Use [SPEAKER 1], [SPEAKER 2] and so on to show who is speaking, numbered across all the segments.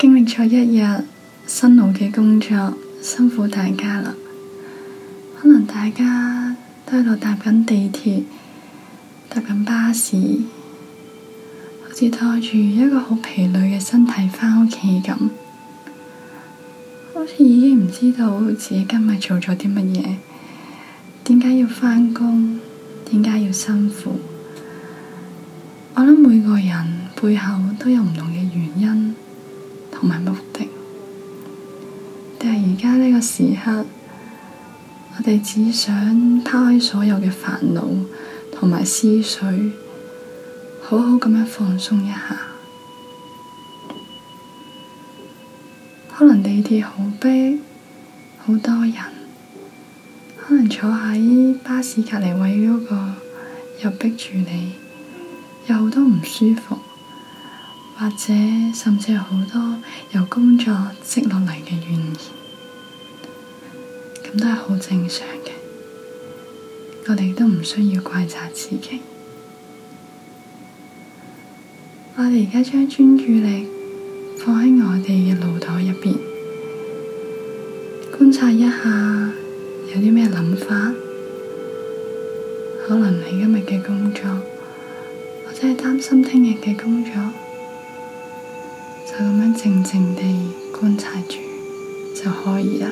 [SPEAKER 1] 經歷咗一日辛勞嘅工作，辛苦大家啦。可能大家都喺度搭緊地鐵、搭緊巴士，好似拖住一個好疲累嘅身體返屋企咁，好似已經唔知道自己今日做咗啲乜嘢，點解要返工，點解要辛苦？我諗每個人背後都有唔同嘅原因。同埋目的，但係而家呢個時刻，我哋只想拋開所有嘅煩惱同埋思緒，好好咁樣放鬆一下。可能地鐵好逼，好多人；可能坐喺巴士隔離位嗰個又逼住你，又好多唔舒服。或者甚至有好多由工作積落嚟嘅怨言，咁都係好正常嘅。我哋都唔需要怪責自己。我哋而家將專注力放喺我哋嘅腦袋入邊，觀察一下有啲咩諗法。可能你今日嘅工作，或者係擔心聽日嘅工作。就咁樣靜靜地觀察住就可以啦。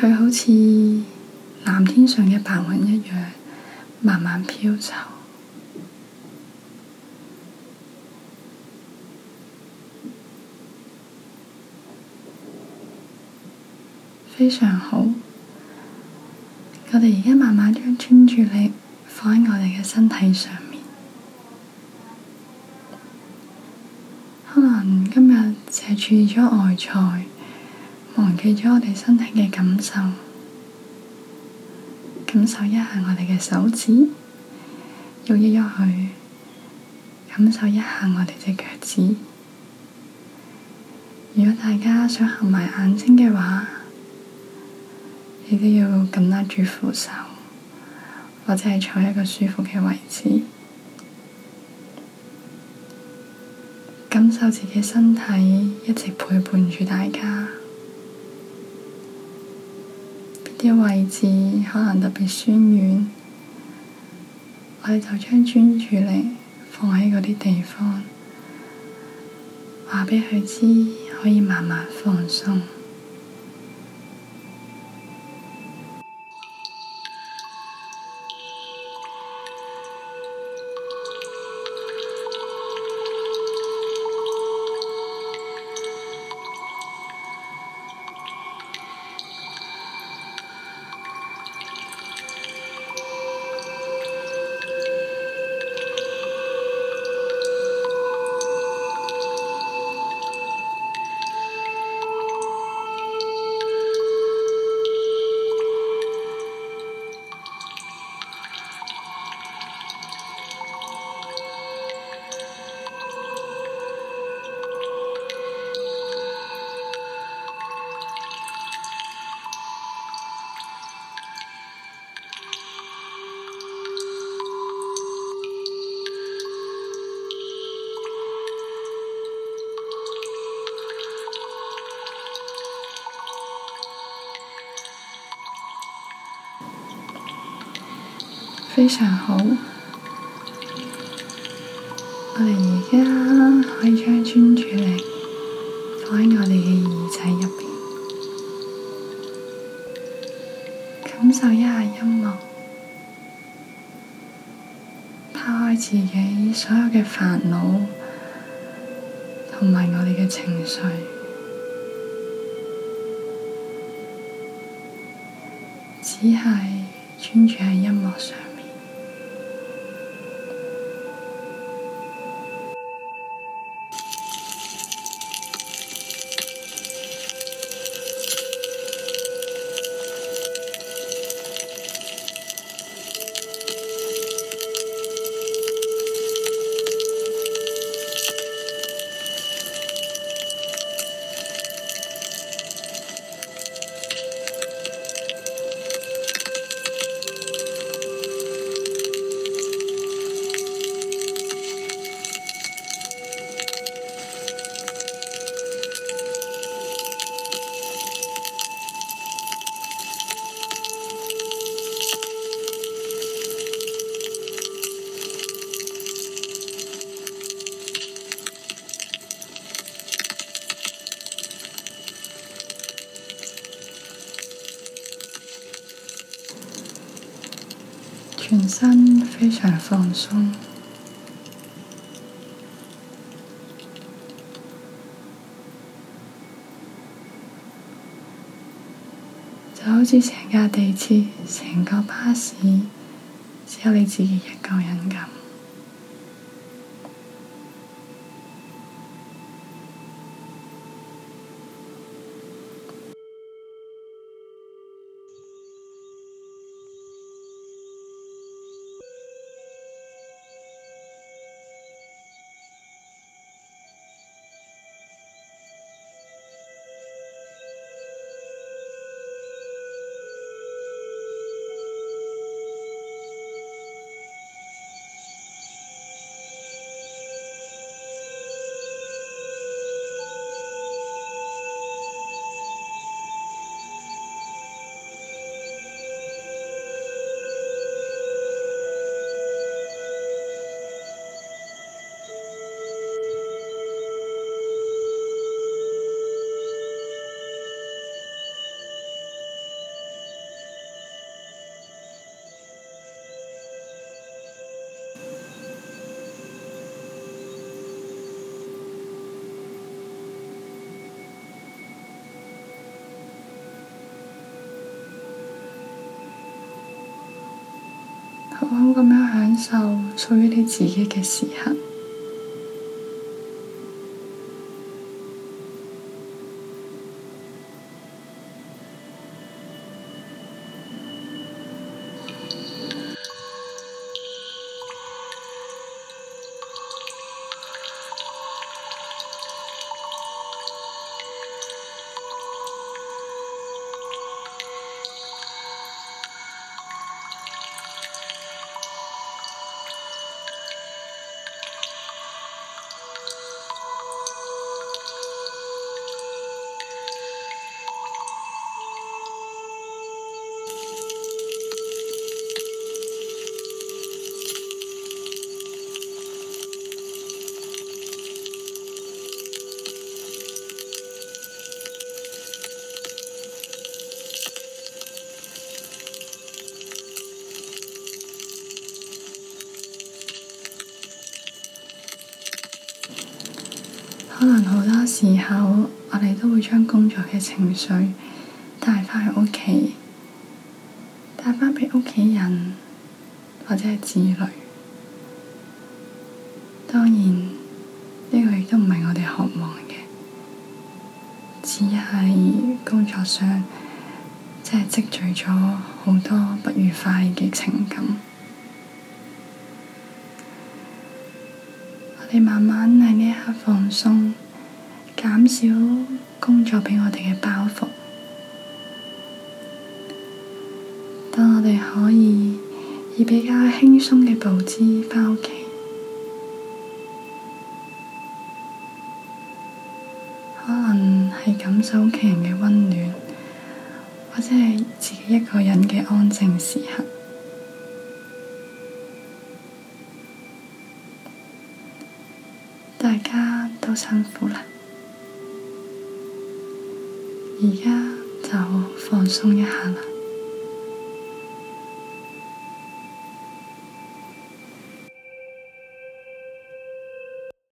[SPEAKER 1] 佢好似藍天上嘅白雲一樣，慢慢飄走，非常好。我哋而家慢慢將專注力放喺我哋嘅身體上面。可能今日凈係注意咗外在。忘記咗我哋身體嘅感受，感受一下我哋嘅手指，喐一喐佢，感受一下我哋隻腳趾。如果大家想合埋眼睛嘅話，你都要緊握住扶手，或者係坐一個舒服嘅位置，感受自己身體一直陪伴住大家。啲位置可能特別酸軟，我哋就將專注力放喺嗰啲地方，話畀佢知可以慢慢放鬆。非常好，我哋而家可以將專注力放喺我哋嘅耳仔入邊，感受一下音樂，拋開自己所有嘅煩惱同埋我哋嘅情緒，只係專注喺音樂上。身非常放鬆，就好似成架地鐵、成架巴士，只有你自己一個人咁。好好咁樣享受屬於你自己嘅時刻。可能好多時候，我哋都會將工作嘅情緒帶返去屋企，帶返畀屋企人或者係子女。當然，呢個亦都唔係我哋渴望嘅，只係工作上即係積聚咗好多不愉快嘅情感。你慢慢喺呢一刻放鬆，減少工作畀我哋嘅包袱，等我哋可以以比較輕鬆嘅步姿返屋企，可能係感受屋企人嘅溫暖，或者係自己一個人嘅安靜時刻。大家都辛苦啦，而家就放鬆一下啦。